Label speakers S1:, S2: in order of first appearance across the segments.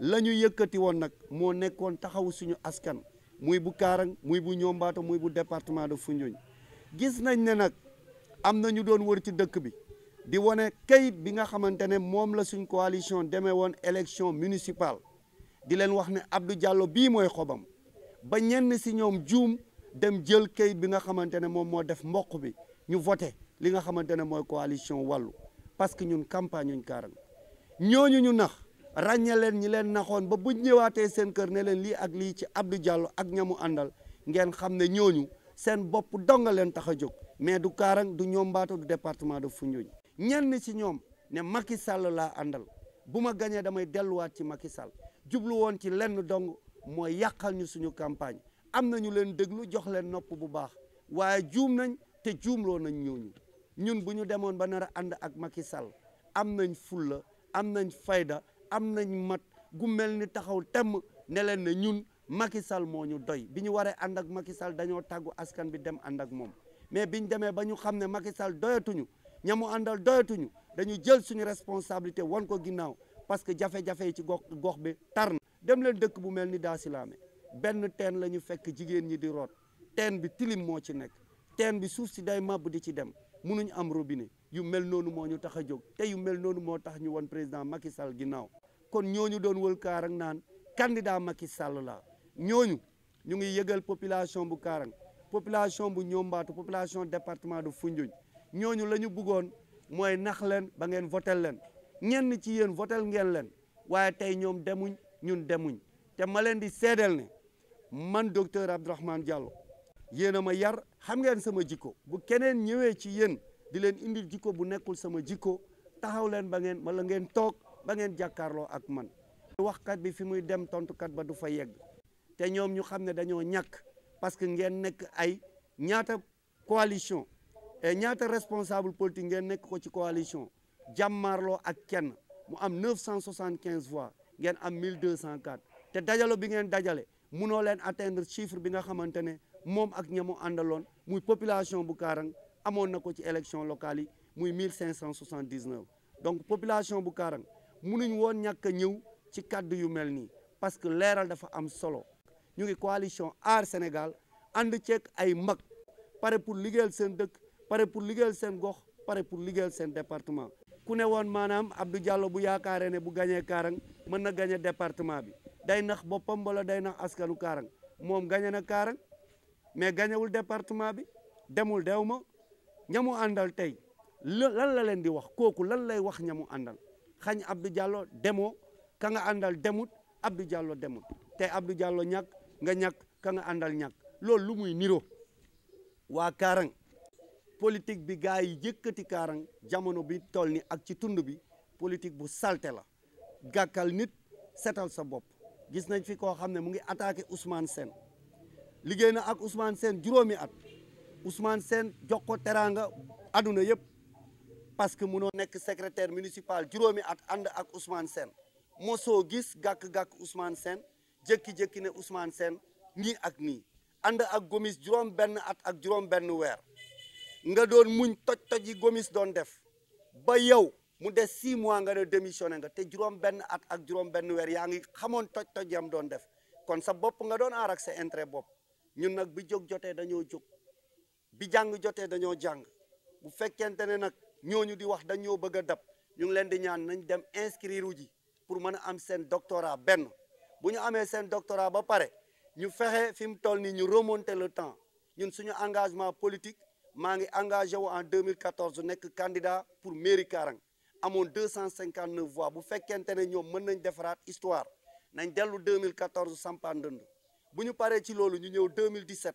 S1: la ñu yëkkati woon nag moo nekkoon taxaw suñu askan muy bu Kaarang muy bu Ñombaato muy bu département de funjuñ gis nañ ne nag am na ñu doon wër ci dëkk bi di wane kayit bi nga xamante ne moom la suñ coalition demee woon élection municipale di leen wax ne Abdou jàllo bii mooy xobam ba ñenn si ñoom juum dem jël kayit bi nga xamante ne moom moo def mboq bi ñu voté li nga xamante ne mooy coalition wàllu parce que ñun campagne ñu kaarang ñooñu ñu nax ràññe leen ñi leen naxoon ba bu ñëwaatee seen kër ne leen lii ak lii ci abdu Diallo ak ñamu àndal ngeen xam ne ñooñu seen bopp donga leen tax a jóg mais du kaarang du ñoom mbaatu du département de Foundiougne ñenn ci ñoom ne Macky Sall laa àndal bu ma gañee damay delluwaat ci Macky Sall jublu woon ci lenn dong mooy yàqal ñu suñu campagne am na ñu leen déglu jox leen nopp bu baax waaye juum nañ te juumloo nañ ñooñu ñun bu ñu demoon ba nar a ànd ak Macky Sall am nañ fulla am nañ fayda am nañ mat gu mel ni taxaw temm ne leen ne ñun Macky Sall moo ñu doy bi ñu waree ànd ak Macky Sall dañoo tàggu askan bi dem ànd ak moom mais bi ñu demee ba ñu xam ne Macky doyatuñu ñamu àndal doyatuñu dañu jël suñu responsabilité wan ko ginnaaw parce que jafe-jafe yi ci gox gox bi tar na dem leen dëkk bu mel ni Daasilaame benn teen la ñu fekk jigéen ñi di root teen bi tilim moo ci nekk teen bi suuf si day màbb di ci dem munuñ am robine yu mel noonu moo ñu tax a jóg te yu mel noonu moo tax ñu won président Macky Sall ginnaaw kon ñooñu doon wal Kaarang naan candidat Macky Sall la ñooñu ñu ngi yëgal population bu Kaarang population bu Ñombaatu population département du Foundiougne ñooñu la ñu bëggoon mooy nax leen ba ngeen votel leen ñenn ci yéen votel ngeen leen waaye tey ñoom demuñ ñun demuñ te ma leen di seedeel ne man docteur Abdourahmane Diallo yéen a ma yar xam ngeen sama jikko bu keneen ñëwee ci yéen di leen indil jikko bu nekkul sama jikko taxaw leen ba ngeen wala ngeen toog ba ngeen jàkkaarloo ak man waxkat bi fi muy dem tontukat ba du fa yegg te ñoom ñu xam ne dañoo ñàkk parce que ngeen nekk ay ñaata coalition e ñaata responsable politique ngeen nekk ko ci coalition jàmmaarloo ak kenn mu am 975 voix ngeen am 1204 te dajalo bi ngeen dajale munoo leen atteindre chiffre bi nga xamante ne moom ak ñamu àndaloon muy population bu Kaarang amoon na ko ci élection locale yi muy 1579 donc population bu Kaarang munuñ woon ñàkk a ñëw ci kàddu yu mel nii parce que leeral dafa am solo ñu ngi coalition Aar Sénégal ànd ceeg ay mag pare pour liggéeyal seen dëkk pare pour liggéeyal seen gox pare pour liggéeyal seen département ku ne woon maanaam Abdou jàllo bu yaakaaree ne bu gañee Kaarang mën na gañe département bi day nax boppam wala day nax askanu Kaarang moom gañe na Kaarang mais gañewul département bi demul dew ma ñamu àndal tey lan la leen di wax kooku lan lay wax ñamu àndal xañ abdu Diallo demoo ka nga àndal demut Abdou jàllo demut te Abdou jàllo ñàkk nga ñàkk ka nga àndal ñàkk loolu lu muy niro waa Kaarang politique bi gars yi yëkkati Kaarang jamono bi toll ni ak ci tund bi politique bu salte la gàkkal nit setal sa bopp gis nañ fi koo xam ne mu ngi attaqué Ousmane Sène liggéey na ak Ousmane seen juróomi at Ousmane Sène jox ko teraanga àdduna yëpp parce que munoo nekk secrétaire municipal juróomi at ànd ak Ousmane seen mosoo gis gàkk-gàkk Ousmane seen jékki-jékki ne Ousmane seen nii ak nii ànd ak gomis juróom benn at ak juróom benn weer nga doon muñ toj-toj yi gomis doon def ba yow mu des si mois nga ne démissionné nga te juróom benn at ak juróom benn weer yaa ngi xamoon toj-toj yam doon def kon sa bopp nga doon aar ak sa intérêt bopp ñun nag bi jóg jotee dañoo jóg bi jàng jotee dañoo jàng bu fekkente ne nag ñoo ñu di wax dañoo bëgg a dab ñu ngi leen di ñaan nañ dem inscrire wu ji pour mën a am seen doctorat benn bu ñu amee seen doctorat ba pare ñu fexe fi mu toll nii ñu remonter le temps ñun suñu engagement politique maa ngi engagé wu en 2014 nekk candidat pour mairie Karang amoon 259 voix bu fekkente ne ñoom mën nañ defaraat histoire nañ dellu 2014 sampaan dënd bu ñu paree ci loolu ñu ñëw 2017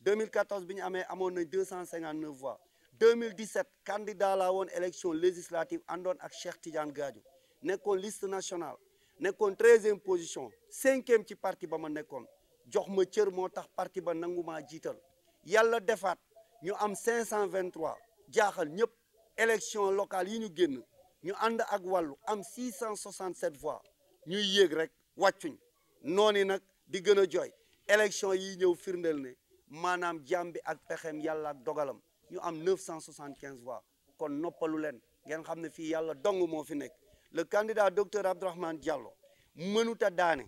S1: 2014 bi ñu amee amoon nañ 259 voix 2017 candidat laa woon élection législative àndoon ak Cheikh Tidiane Gadio nekkoon liste nationale nekkoon 13e position 5e ci parti ba ma nekkoon jox ma cër moo tax parti ba nangu maa jiital yàlla defaat ñu am 523 jaaxal ñëpp élection locale yi ñu génn ñu ànd ak wàllu am 667 voix ñuy yéeg rek wàccuñ noonu nag. di gën a jooy élection yi ñëw firndeel ne maanaam jàmm bi ak pexem yàlla ak dogalam ñu am 975 voix kon noppalu leen ngeen xam ne fii yàlla dong moo fi nekk le candidat docteur Abdourahmane Diallo mënut a daane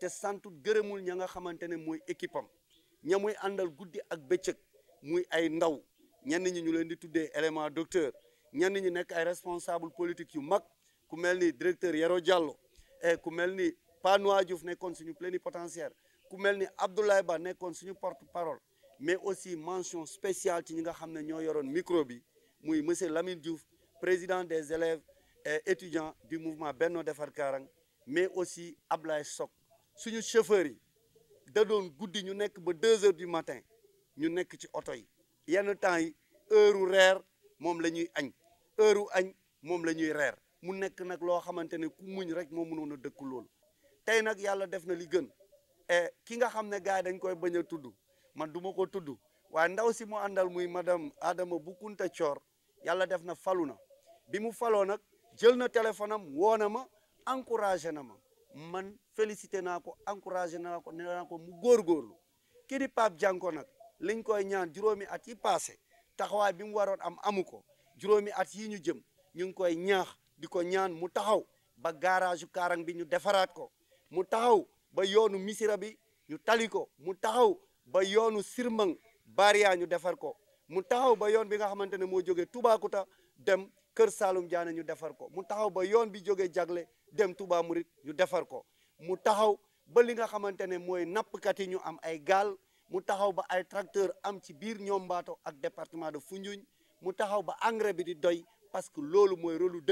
S1: te santut gërëmul ña nga xamante ne mooy équipe am ña muy àndal guddi ak bëccëg muy ay ndaw ñenn ñi ñu leen di tuddee élément docteur ñenn ñi nekk ay responsable politique yu mag ku mel ni directeur Yero Diallo et eh, ku mel ni Pa Noa Diouf nekkoon suñu plénipotentiaire ku mel ni Abdoulaye Ba nekkoon suñu porte parole mais aussi mention spéciale ci ñi nga xam ne ñoo yoroon micro bi muy monsieur Lamine Diouf président des élèves et étudiants du mouvement Benno Defar Kaarang mais aussi Ablaye Sock suñu chauffeurs yi da doon guddi ñu nekk ba deux heures du matin ñu nekk ci oto yi yenn temps yi heure u reer moom la ñuy añ heure añ moom la ñuy reer mu nekk nag loo xamante ne ku muñ rek moo mënoon a dëkku loolu tey nag yàlla def na li gën e ki nga xam ne gars yi dañ koy bañ a tudd ma duma ko tudd waaye ndaw si mu àndal muy madame Adama Boucounta Thior yàlla def na falu na bi mu faloo nag jël na téléphone am woo ma encouragé na ma man félicité naa ko encouragé na ko nee naa ko mu góorgóorlu kii di Pape Dianko nag liñ koy ñaan juróomi at yi passé taxawaay bi mu waroon am amu ko juróomi at yi ñu jëm ñu ngi koy ñaax di ko ñaan mu taxaw ba garage Karang bi ñu defaraat ko mu taxaw ba yoonu misira bi ñu tali ko mu taxaw ba yoonu sirmang baria ñu defar ko mu taxaw ba yoon bi nga xamante ne moo jógee Toubacouta dem Kër Saalum Diané ñu defar ko mu taxaw ba yoon bi jógee Jagle dem Touba Murit ñu defar ko mu taxaw ba li nga xamante ne mooy nappkat yi ñu am ay gaal mu taxaw ba ay tracteur am ci biir ñoom mbaato ak département de Foundiougne mu taxaw ba engrais bi di doy parce que loolu mooy rôle lu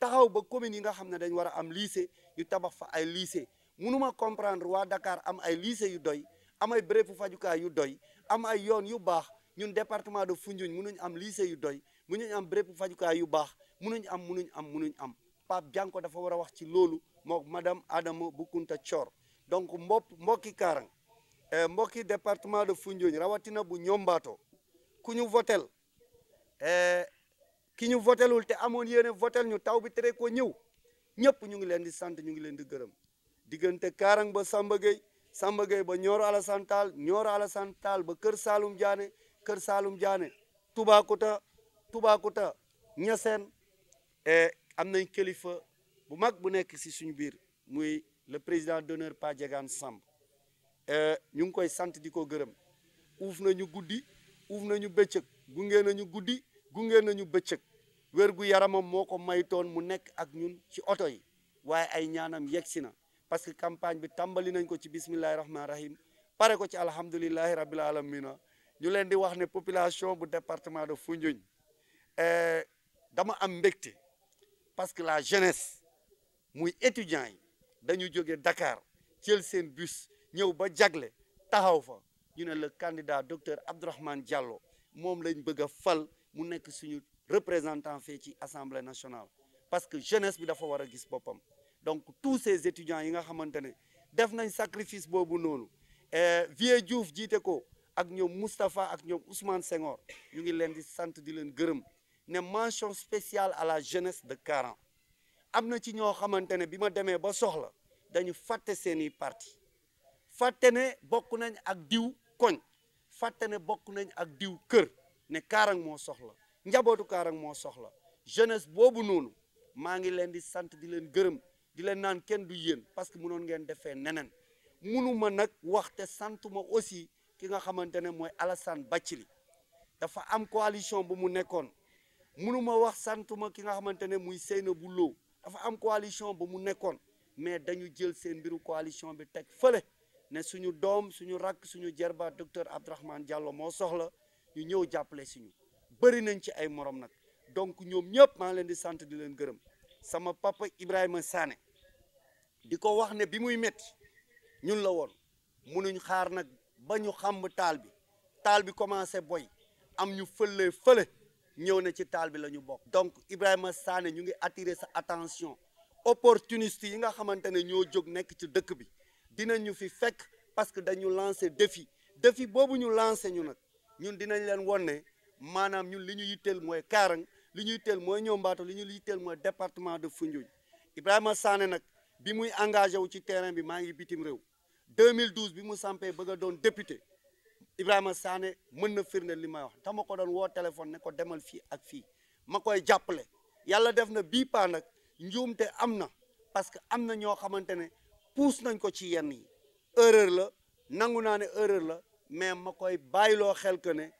S1: taxaw ba communes yi nga xam ne dañ war a am lycée yu tabax fa ay lycée mënuma comprendre waa dakaar am ay lycée yu doy amay ay bérébu fajukaay yu doy am ay yoon yu baax ñun département de Foundiougne mënuñ am lycée yu doy mënuñ am bérébu fajukaay yu baax mënuñ am mënuñ am mënuñ am Pape Dianko dafa war a wax ci loolu mook madame Adama Boukounta Thior donc mbop mbokki Kaarang eh, mbokki département de Foundiougne rawatina bu ñombaato ku ñu votel eh, ki ñu votelul te amoon yéene votel ñu taw bi tere ko ñëw ñëpp ñu ngi leen di sant ñu ngi leen di gërëm diggante Kaarang ba Samba Gueye Samba Gueye ba Nioro Alassane Tall Nioro Alassane Tall ba Kër Saalum Diané Kër Saalum Diané Toubacouta Toubacouta Niassène et am nañ kilifa bu mag bu nekk si suñu biir muy le président d'honneur Pa Diegane Samb e ñu ngi koy sant di ko gërëm uuf nañu guddi uuf nañu bëccëg gunge nañu guddi gunge nañu bëccëg wér gu yaramam moo ko maytoon mu nekk ak ñun ci oto yi waaye ay ñaanam yegg si na parce que campagne bi tàmbali nañ ko ci bismillahi rahmaani rahim pare ko ci alhamdulillahi rabbil alamina ñu leen di wax ne population bu département de Foundiougne eh, dama am mbégte parce que la jeunesse muy étudiants yi dañu jóge Dakar jël seen bus ñëw ba jagle taxaw fa ñu ne le candidat docteur Abdourahmane Diallo moom lañ bëgg a fal mu nekk suñu représentant fee ci assemblée nationale parce que jeunesse bi dafa war a gis boppam donc tous ces étudiants yi nga xamante ne def nañ sacrifice boobu noonu Vieux Diouf jiite ko ak ñoom Moustapha ak ñoom Ousmane Senghor ñu ngi leen di sant di leen gërëm ne mention spéciale à la jeunesse de Karan am na ci ñoo xamante ne bi ma demee ba soxla dañu fàtte seeni parti fàtte ne bokk nañ ak diw koñ fàtte ne bokk nañ ak diw kër ne Karan moo soxla njabootu Kaarang moo soxla jeunesse boobu noonu maa ngi leen di sant di leen gërëm di leen naan kenn du yéen parce que mënoon ngeen defee neneen munuma nag wax te santuma aussi ki nga xamante ne mooy Alassane Bathily dafa am coalition bu mu nekkoon munuma wax santuma ki nga xamante ne muy Seynabou Lo dafa am coalition bu mu nekkoon mais dañu jël seen mbiru coalition bi teg fële ne suñu doom suñu rakk suñu jerba docteur Abdourahmane Diallo moo soxla ñu ñëw jàppale suñu bëri nañ ci ay morom nag donc ñoom ñëpp maa leen di sant di leen gërëm sama papa Ibrahima saane di ko wax ne bi muy métti ñun la woon munuñ xaar nag ba ñu xàmb taal bi taal bi commencé boy am ñu fële fële ñëw na ci taal bi la ñu bokk donc Ibrahima saane ñu ngi attirer sa attention opportuniste yi nga xamante ne ñoo jóg nekk ci dëkk bi dina ñu fi fekk parce que dañu lancer défi defi boobu ñu lancer ñu nag ñun dinañ leen won ne maanaam ñun li ñu yitteel mooy Kaarang li ñu yitteel mooy Niombato li ñu yitteel mooy département de Foundiougne Ibrahima saane nag bi muy engagé wu ci terrain bi maa ngi bitim réew 2012 bi mu sampee bëgg a doon député Ibrahima saane mën na firndeel li may wax dama ko doon woo téléphone ne ko demal fii ak fii ma koy jàppale yàlla def na bii paa nag njuumte am na parce que am na ñoo xamante ne puus nañ ko ci yenn yi erreur la nangu naa ne erreur la mais ma koy bàyyiloo xel que ne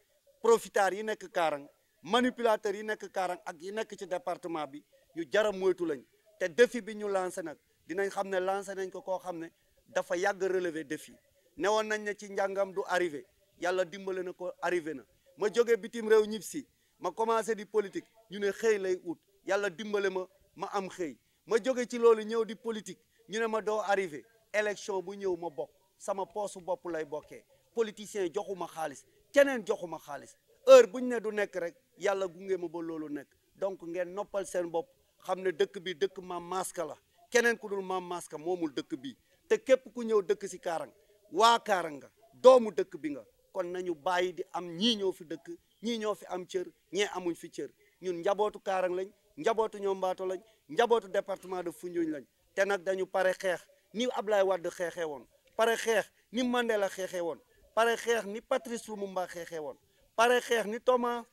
S1: profiteurs yi nekk Kaarang manipulateurs yi nekk Kaarang ak yi nekk ci département bi yu jara moytu lañ te défi bi ñu lancé nag dinañ xam ne lancé nañ ko koo xam ne dafa yàgg relever défi newoon nañ ne ci njàngam du arriver yàlla dimbale na ko arrivé na ma jógee bitim réew ñib si ma commencé di politique ñu ne xëy lay ut yàlla dimbale ma ma am xëy ma jóge ci loolu ñëw di politique ñu ne ma doo arriver élection bu ñëw ma bokk sama poosu bopp lay bokkee politicien joxuma xaalis keneen joxuma xaalis heure bu ñu ne du nekk rek yàlla gunge ma ba loolu nekk donc ngeen noppal seen bopp xam ne dëkk bi dëkk maam Maska la keneen ku dul maam Maska moomul dëkk bi te képp ku ñëw dëkk si Kaarang waa Kaarang nga doomu dëkk bi nga kon nañu bàyyi di am ñii ñoo fi dëkk ñii ñoo fi am cër ñee amuñ fi cër ñun njabootu Kaarang lañ njabootu ñombaato lañ njabootu département de Foundiougne lañ te nag dañu pare xeex ni ab Ablaye Wade xeexee woon pare xeex ni Mandela xeexee woon pare xeex ni Patrice Lumumba xeexee woon pare xeex ni Thomas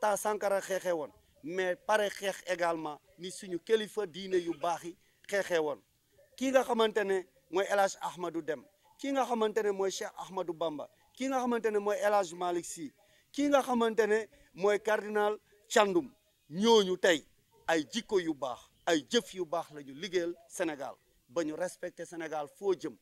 S1: Ta Sankara xeexee woon mais pare xeex également ni suñu kilifa diine yu baax yi xeexee woon kii nga xamante ne mooy élage Hadj Ahmadou Deme kii nga xamante ne mooy Cheikh Ahmadou Bamba kii nga xamante ne mooy El Hadj Malick kii nga xamante ne mooy cardinal Thiandoum ñooñu tey ay jikko yu baax ay jëf yu baax la ñu liggéeyal Sénégal ba ñu respecté Sénégal foo jëm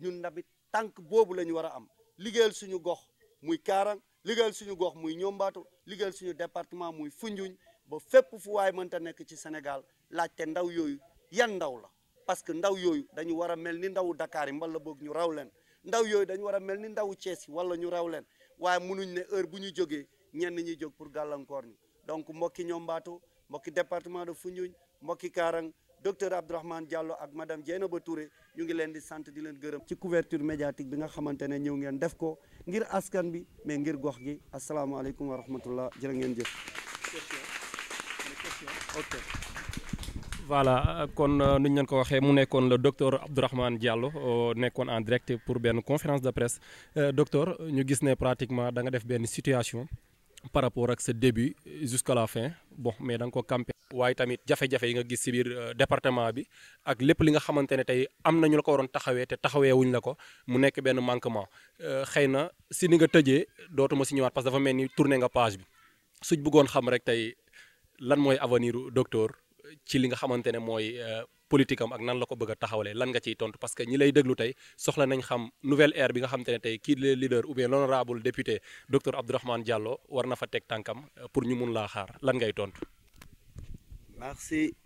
S1: ñun tamit tànk boobu la ñu war a am liggéeyal suñu gox muy Kaarang liggéeyal suñu gox muy ñombatu liggéeyal suñu département muy Foundiougne ba fépp fu waay mënta nekk ci Sénégal laajte ndaw yooyu yan ndaw la parce que ndaw yooyu dañu war a mel ni ndawu Dakar yi mbala boog ñu raw leen ndaw yooyu dañu war a mel ni ndawu Thiès yi wala ñu raw leen waaye munuñ ne heure bu ñu jógee ñenn ñi jog pour gàllankoor ñi donc mbokki ñombatu mbokki département de Foundiougne mbokki Kaarang docteur Abdourahmane jàllo ak madame Dieynaba Touré ñu ngi leen di sant di leen gërëm ci couverture médiatique bi nga xamante ne ñëw ngeen def ko ngir askan bi mais ngir gox gi asalaamaaleykum wa rahmatullah jërë ngeen jëf voilà kon euh, nu ñu ko waxee mu nekkoon le docteur Abdourahmane Diallo euh, nekkoon en direct pour benn conférence de presse euh, docteur ñu gis ne pratiquement da nga def benn situation par rapport ak sa début jusqu'à la fin bon mais danga ko campé. waaye tamit jafe-jafe yi nga gis si biir euh, département bi ak lépp li nga xamante ne tey am na ñu la ko waroon taxawee te taxawee wuñ la ko mu nekk benn manquement euh, xëy na si ni nga tëjee dootuma si ñëwaat parce que dafa mel ni tourné nga page bi suñ bëggoon xam rek tey lan mooy avenir docteur ci li nga xamante ne mooy euh, politique ak nan la ko bëgg a taxawalee lan nga ciy tontu parce que ñi lay déglu tey soxla nañ xam nouvelle ère bi nga xam te ne tey kii le leader ou bien l'honorable député docteur Abdourahmane Diallo war na fa teg tànkam pour ñu mun laa xaar lan ngay tontu. merci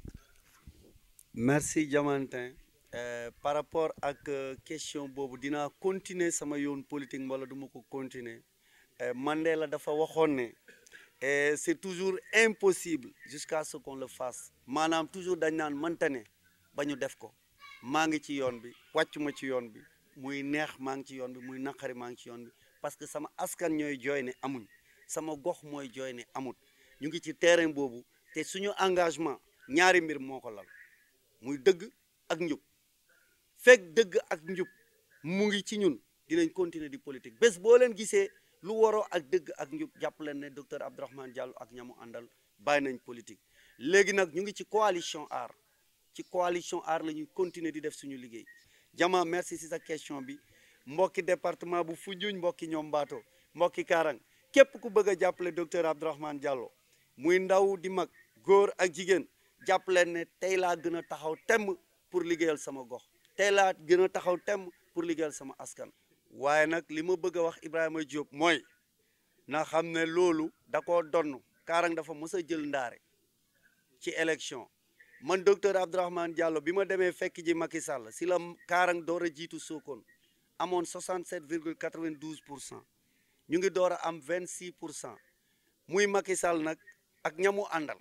S1: merci Diamantin euh, par rapport ak euh, question boobu dinaa continuer sama yoon politique wala duma ma ko continuer euh, la dafa waxoon ne. Et euh, c'est toujours impossible jusqu'à ce qu'on le fasse maanaam toujours dañ naan mënta ne ba ñu def ko maa ngi ci yoon bi wàccuma ci yoon bi muy neex maa ngi ci yoon bi muy naqari maa ngi ci yoon bi parce que sama askan ñooy jooy ne amuñ sama gox mooy jooy ne amut ñu ngi ci terrain boobu te suñu engagement ñaari mbir moo ko lal muy dëgg ak njub fekk dëgg ak njub mu ngi ci ñun dinañ continuer di politique bés boo leen gisee lu waroo ak dëgg ak njub jàpp leen ne docteur Abdourahmane Diallo ak ñamu àndal bàyyi nañ politique léegi nag ñu ngi ci coalition aar ci coalition aar la ñuy continuer di def suñu liggéey Jama merci si sa question bi mbokki département bu fu Foundiougne mbokki ñoom mbaato mbokki Kaarang képp ku bëgg a jàppale docteur Abdourahmane Diallo muy ndaw di mag góor ak jigéen jàppaleen ne tey laa gën a taxaw temm pour liggéeyal sama gox tey laa gën a taxaw temm pour liggéeyal sama askan waaye nag li ma bëgg a wax Ibrahima Diop mooy na xam ne loolu da koo donn Kaarang dafa mës a jël ndaare ci élection man docteur Abdourahmane Diallo bi ma demee fekk ji Macky Sall si la Kaarang door a jiitu sookoon amoon 67 virgule 92 pour cent ñu ngi door a am 26 pour cent muy Macky Sall nag ak ñamu àndal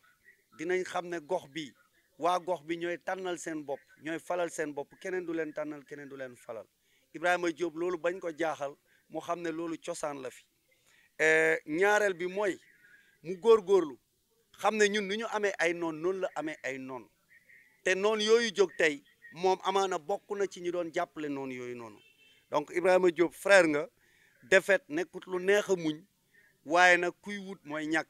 S1: dinañ xam ne gox bi waa gox bi ñooy tànnal seen bopp ñooy falal seen bopp keneen du leen tànnal keneen du leen falal Ibrahima jóob loolu bañ ko jaaxal mu xam ne loolu cosaan la fi eh, ñaareel bi mooy mu góor góorlu xam ne ñun ni ñu amee ay noon noonu la amee ay noon te noon yooyu jóg tey moom amaana bokk na ci ñu doon jàppale noonu yooyu noonu donc Ibrahima jóob frère nga defet nekkut lu neex a muñ waaye nag kuy wut mooy ñàkk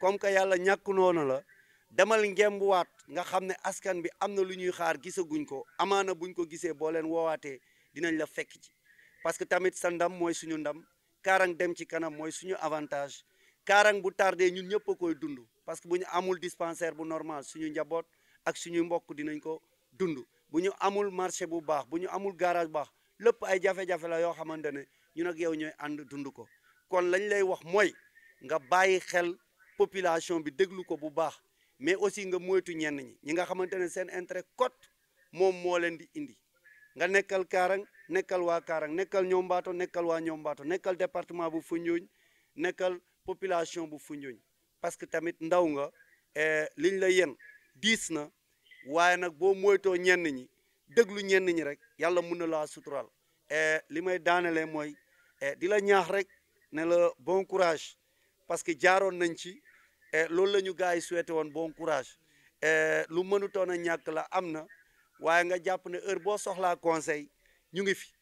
S1: comme que yàlla ñàkk noonu la demal ngembuwaat nga xam ne askan bi am na lu ñuy xaar gisaguñ ko amaana buñ ko gisee boo leen woowaatee dinañ la fekk ci parce que tamit sa ndam mooy suñu ndam kaarang dem ci kanam mooy suñu avantage kaarang bu tardé ñun ñëpp koy dund parce que bu ñu amul dispensaire bu normal suñu njaboot ak suñu mbokk dinañ ko dund bu ñu amul marché bu baax bu ñu amul garage baax lépp ay jafe-jafe la yoo xamante ne ñun ak yow ñooy ànd dund ko kon lañ lay wax mooy nga bàyyi xel population bi déglu ko bu baax mais aussi nga moytu ñenn ñi ñi nga xamante ne seen intérêt cote moom moo leen di indi nga nekkal Kaarang nekkal waa Kaarang nekkal Ñombaato nekkal waa Ñombaato nekkal département bu Foundiougne nekkal population bu fu Foundiougne parce que tamit ndaw nga eh, liñ la yen diis na waaye nag boo moytoo ñenn ñi déglu ñenn ñi rek yàlla mun na laa sutural eh, li may daanelee mooy eh, di la ñaax rek ne la bon courage parce que jaaroon nañ ci loolu la ñu gars yi souhaité woon bon courage lu mënutoon a ñàkk la am na waaye nga jàpp ne heure boo soxlaa conseil ñu ngi fi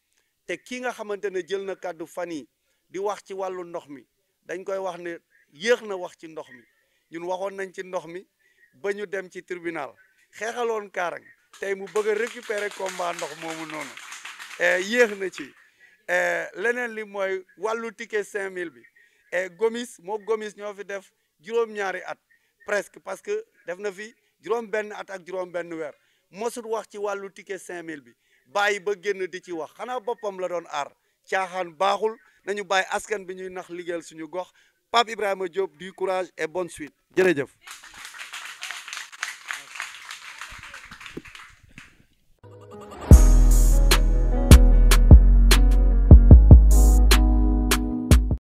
S1: te ki nga xamante ne jël na kaddu fan yi di wax ci wàllu ndox mi dañ koy wax ne yéex na wax ci ndox mi ñun waxoon nañ ci ndox mi ba ñu dem ci tribunal xeexaloon Kaarang tey mu bëgg a récupérer combat ndox moomu noonu e, yéex na ci e, leneen li mooy wàllu ticket mille bi e, gomis moo gomis ñoo fi def juróom-ñaari at presque parce que def na fi juróom-benn at ak juróom-benn weer mosul wax ci wàllu cinq mille bi bàyyi ba génn di ci wax xanaa boppam la doon aar caaxaan baaxul nañu bàyyi askan bi ñuy nax liggéeyal suñu gox Pape Ibrahima Diop du courage et bonne suite jërëjëf